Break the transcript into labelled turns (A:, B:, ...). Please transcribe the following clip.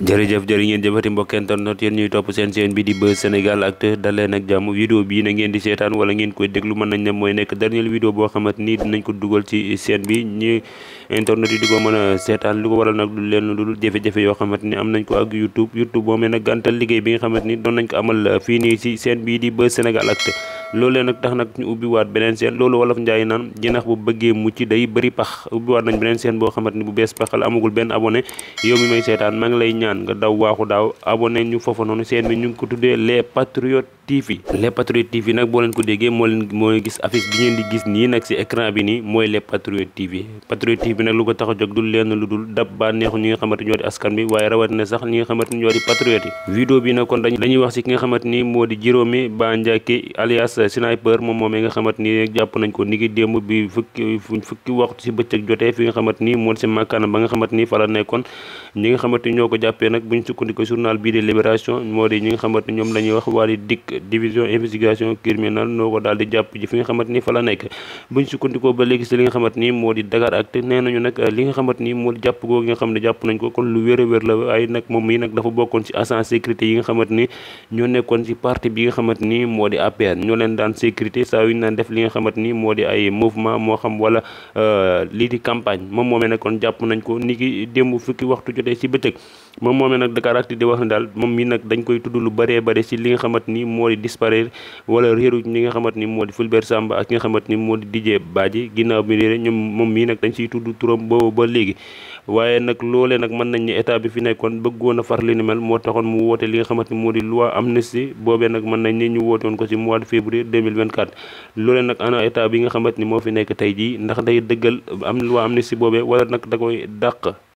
A: jërëjëf jërë ngeen jëfati mbokk internet yéen ñuy topp seen chaîne bi di Buzz Sénégal Actu daleen ak jàmm vidéo bii na ngeen di seetaan wala ngeen koy déglu mën nañ ne mooy nekk dernière vidéo boo xamante ni dinañ ko dugal ci chaîne bi ñi internet yi di ko mën a seetaan li ko waral nag du leen lu jafe-jafe yoo xamante ni am nañ ko ak YouTube YouTube moom nag gàntal liggéey bi nga xamante ni doon nañ ko amal fii nii ci seen bii di Buzz Sénégal Actu loolee nag tax nag ñu ubbiwaat beneen seen loolu wolof njaay naan jinax bu bëggee mucc day bëri pax ubbiwaat nañ beneen seen boo xamante ni bu bees pax amagul benn abonné yow mi may seetaan maa ngi lay ñaan nga daw waaxu daaw abonné ñu foofa noonu seen bi ñu ngi ko tuddee les patriotes TV les patriotes TV nag boo leen ko déggee moo leen mooy gis affiche bi ngeen di gis nii nag ci écran bi nii mooy les patriotes TV patriotes TV nag lu ko tax a dul lenn lu dul dab ba neexu ngi démb bi ñoo ko jàppee nag buñ sukkandiku journal bii de Libération moo di ñi nga xamante ni ñoom la wax waa di dikk division investigation criminelle noo ko daal di jàpp ji fi nga xamante ni fa la nekk buñ sukkandikoo ba léegi si li nga xamante ni moo di Dakar ak te nee nañu nag li nga xamante ni moo di jàpp googu nga a wér la waaye nag moom ay mouvement moo xam wala euh, lii di campagne moom moomee nag kon jàpp nañ ko ni ki démb fukki waxtu jotee si bëccëg moom moomee nag Dakaractu di wax ne daal moom mi nag dañ koy tudd lu bëree bëri si li nga xamante ni moo moo di disparaître wala réeru ñi nga xamante ni moo di Fulbert Samba ak ki nga xamante ni moo di Didier Badji ginnaaw bi réere ñoom moom mii nag dañ siy tudd turam boobu ba léegi waaye nag loolee nag mën nañ ne état bi fi nekkoon bëggoon a far li ni mel moo taxoon mu woote li nga xamante ni moo di loi amnistie boobee nag mën nañ ne ñu woote ko ci mois de février 2024 loolee ana état bi nga xamante ni moo fi nekk tey jii ndax day dëggal am loi amnistie boobee wala nag